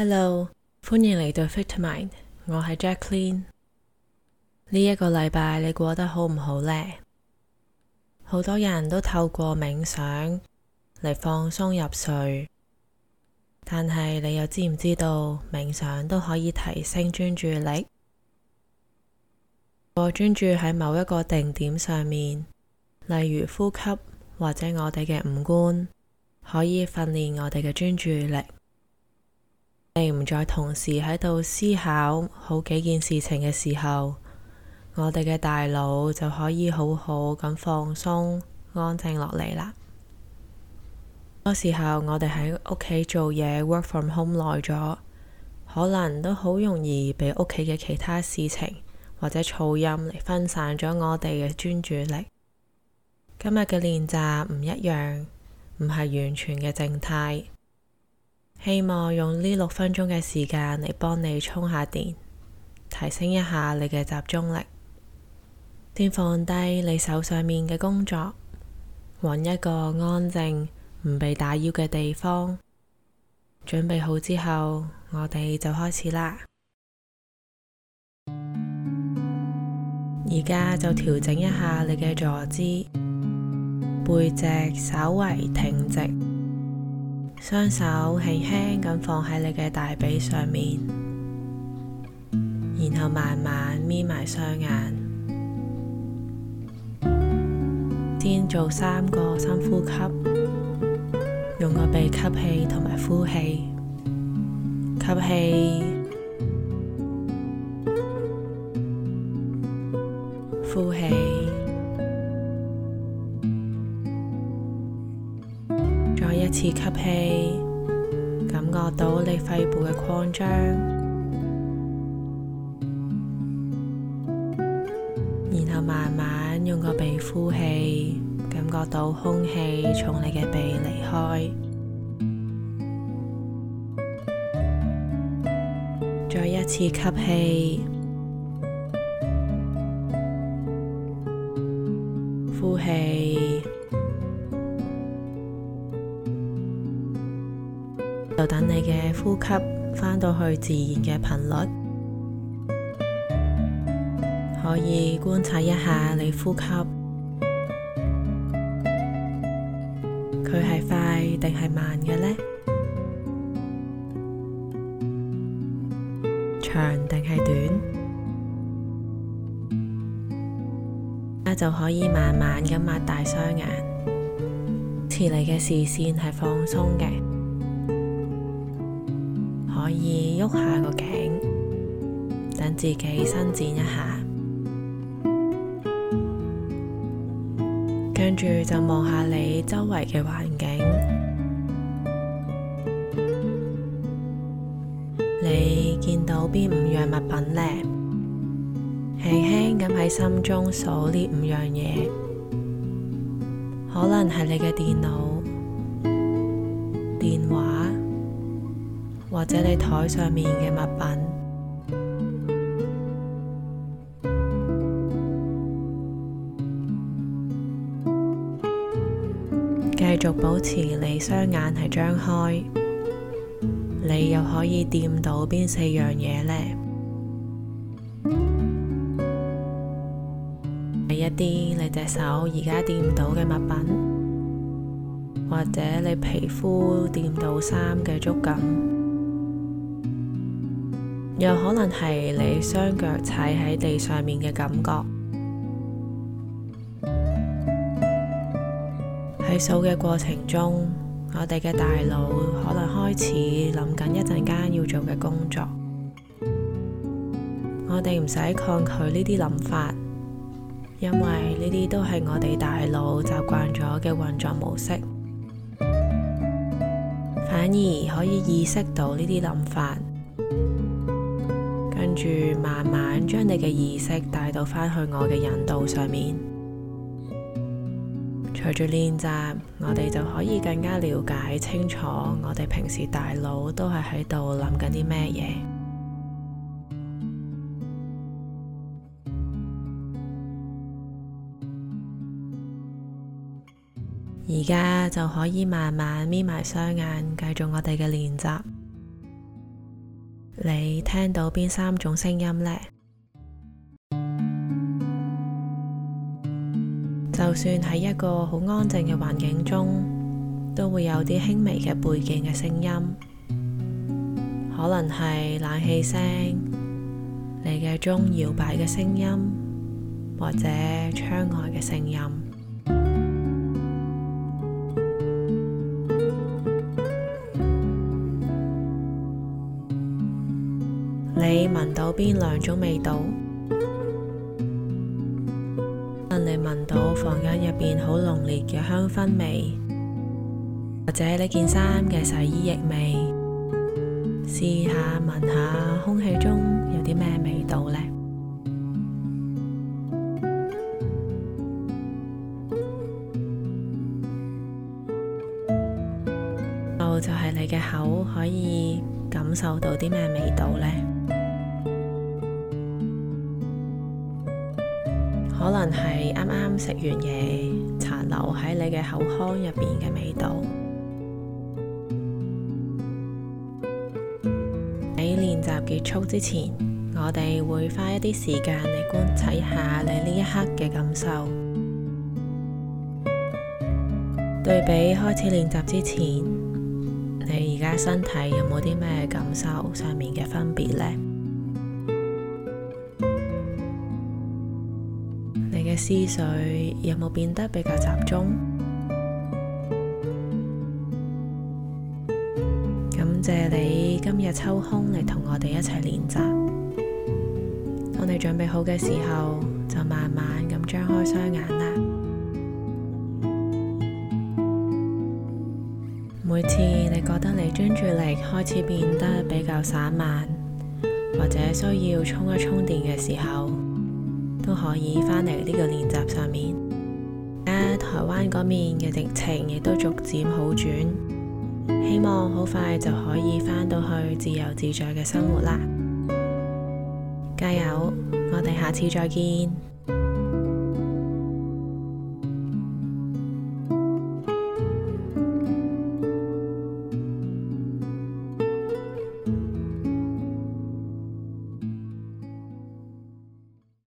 Hello，歡迎嚟到 Vitamind，我係 Jacqueline。呢一個禮拜你過得好唔好呢？好多人都透過冥想嚟放鬆入睡，但係你又知唔知道冥想都可以提升專注力？我專注喺某一個定點上面，例如呼吸或者我哋嘅五官，可以訓練我哋嘅專注力。你唔再同時喺度思考好幾件事情嘅時候，我哋嘅大腦就可以好好咁放鬆、安靜落嚟啦。嗰時候我哋喺屋企做嘢，work from home 耐咗，可能都好容易俾屋企嘅其他事情或者噪音嚟分散咗我哋嘅專注力。今日嘅練習唔一樣，唔係完全嘅靜態。希望用呢六分鐘嘅時間嚟幫你充下電，提升一下你嘅集中力，先放低你手上面嘅工作，揾一個安靜唔被打擾嘅地方，準備好之後，我哋就開始啦。而家就調整一下你嘅坐姿，背脊稍為挺直。雙手輕輕咁放喺你嘅大髀上面，然後慢慢眯埋雙眼，先做三個深呼吸，用個鼻吸氣同埋呼氣，吸氣，呼氣。一次吸氣，感覺到你肺部嘅擴張，然後慢慢用個鼻呼氣，感覺到空氣從你嘅鼻離開。再一次吸氣，呼氣。呼吸返到去自然嘅頻率，可以觀察一下你呼吸，佢係快定係慢嘅呢？長定係短？而家就可以慢慢咁擘大雙眼，遲嚟嘅視線係放鬆嘅。可以喐下個頸，等自己伸展一下，跟住就望下你周圍嘅環境，你見到邊五樣物品呢？輕輕咁喺心中數呢五樣嘢，可能係你嘅電腦、電話。或者你台上面嘅物品，繼續保持你雙眼係張開，你又可以掂到邊四樣嘢呢？係一啲你隻手而家掂到嘅物品，或者你皮膚掂到衫嘅觸感。又可能係你雙腳踩喺地上面嘅感覺。喺掃嘅過程中，我哋嘅大腦可能開始諗緊一陣間要做嘅工作。我哋唔使抗拒呢啲諗法，因為呢啲都係我哋大腦習慣咗嘅運作模式，反而可以意識到呢啲諗法。住，慢慢將你嘅意識帶到返去我嘅引導上面。隨住練習，我哋就可以更加了解清楚，我哋平時大腦都係喺度諗緊啲咩嘢。而家就可以慢慢眯埋雙眼，繼續我哋嘅練習。你聽到邊三種聲音呢？音樂就算喺一個好安靜嘅環境中，都會有啲輕微嘅背景嘅聲音，可能係冷氣聲、你嘅鐘搖擺嘅聲音，或者窗外嘅聲音。聞到邊兩種味道？能你聞到房間入邊好濃烈嘅香薰味，或者呢件衫嘅洗衣液味？試下聞下空氣中有啲咩味道呢？ 就係你嘅口可以感受到啲咩味道呢？可能係啱啱食完嘢，殘留喺你嘅口腔入邊嘅味道。喺 練習結束之前，我哋會花一啲時間嚟觀察一下你呢一刻嘅感受。 對比開始練習之前，你而家身體有冇啲咩感受上面嘅分別呢？思緒有冇變得比較集中？感謝你今日抽空嚟同我哋一齊練習。我哋準備好嘅時候，就慢慢咁張開雙眼啦。每次你覺得你專注力開始變得比較散漫，或者需要充一充電嘅時候，都可以返嚟呢個練習上面。而家台灣嗰面嘅疫情亦都逐漸好轉，希望好快就可以返到去自由自在嘅生活啦！加油，我哋下次再見。